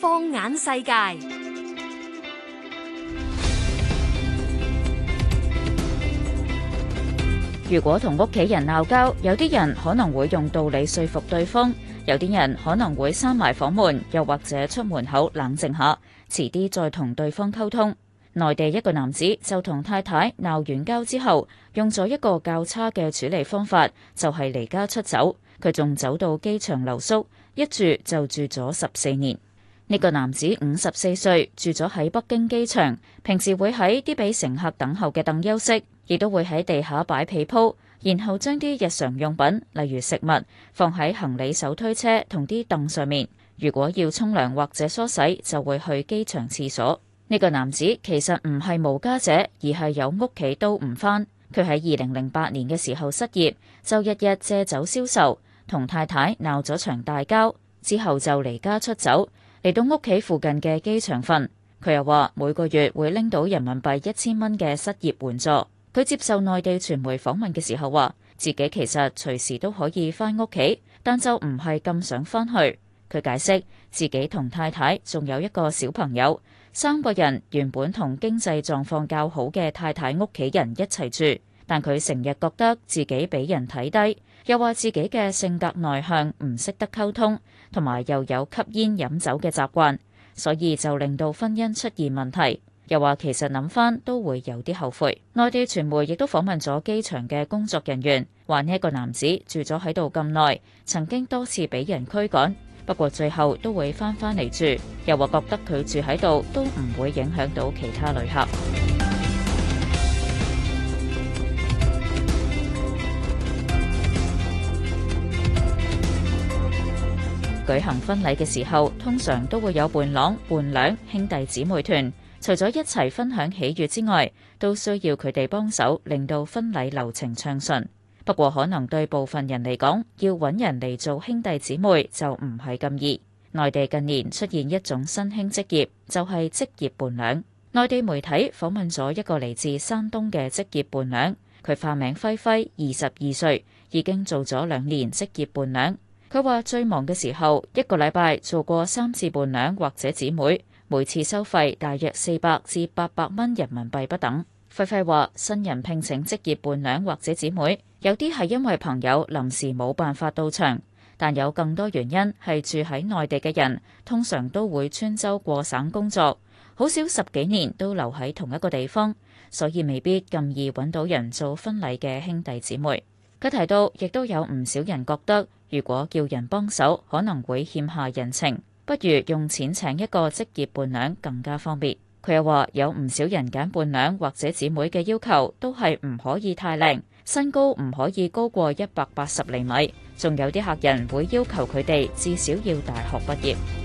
放眼世界，如果同屋企人鬧交，有啲人可能會用道理說服對方，有啲人可能會閂埋房門，又或者出門口冷靜下，遲啲再同對方溝通。內地一個男子就同太太鬧完交之後，用咗一個較差嘅處理方法，就係離家出走。佢仲走到機場留宿，一住就住咗十四年。呢個男子五十四歲，住咗喺北京機場，平時會喺啲俾乘客等候嘅凳休息，亦都會喺地下擺被鋪，然後將啲日常用品，例如食物放喺行李手推車同啲凳上面。如果要沖涼或者梳洗，就會去機場廁所。呢個男子其實唔係無家者，而係有屋企都唔返。佢喺二零零八年嘅時候失業，就日日借酒消愁。同太太鬧咗場大交，之後就離家出走，嚟到屋企附近嘅機場瞓。佢又話每個月會拎到人民幣一千蚊嘅失業援助。佢接受內地傳媒訪問嘅時候話，自己其實隨時都可以返屋企，但就唔係咁想返去。佢解釋，自己同太太仲有一個小朋友，三個人原本同經濟狀況較好嘅太太屋企人一齊住，但佢成日覺得自己俾人睇低。又話自己嘅性格內向，唔識得溝通，同埋又有吸煙飲酒嘅習慣，所以就令到婚姻出現問題。又話其實諗返都會有啲後悔。內地傳媒亦都訪問咗機場嘅工作人員，話呢一個男子住咗喺度咁耐，曾經多次畀人驅趕，不過最後都會返返嚟住。又話覺得佢住喺度都唔會影響到其他旅客。舉行婚禮嘅時候，通常都會有伴郎、伴娘、兄弟姊妹團。除咗一齊分享喜悅之外，都需要佢哋幫手，令到婚禮流程暢順。不過，可能對部分人嚟講，要揾人嚟做兄弟姊妹就唔係咁易。內地近年出現一種新興職業，就係職業伴娘。內地媒體訪問咗一個嚟自山東嘅職業伴娘，佢化名輝輝，二十二歲，已經做咗兩年職業伴娘。佢話最忙嘅時候，一個禮拜做過三次伴娘或者姊妹，每次收費大約四百至八百蚊人民幣不等。費費話：新人聘請職業伴娘或者姊妹，有啲係因為朋友臨時冇辦法到場，但有更多原因係住喺內地嘅人，通常都會穿州過省工作，好少十幾年都留喺同一個地方，所以未必咁易揾到人做婚禮嘅兄弟姊妹。佢提到，亦都有唔少人覺得，如果叫人幫手，可能會欠下人情，不如用錢請一個職業伴娘更加方便。佢又話：有唔少人揀伴娘或者姊妹嘅要求，都係唔可以太靚，身高唔可以高過一百八十厘米，仲有啲客人會要求佢哋至少要大學畢業。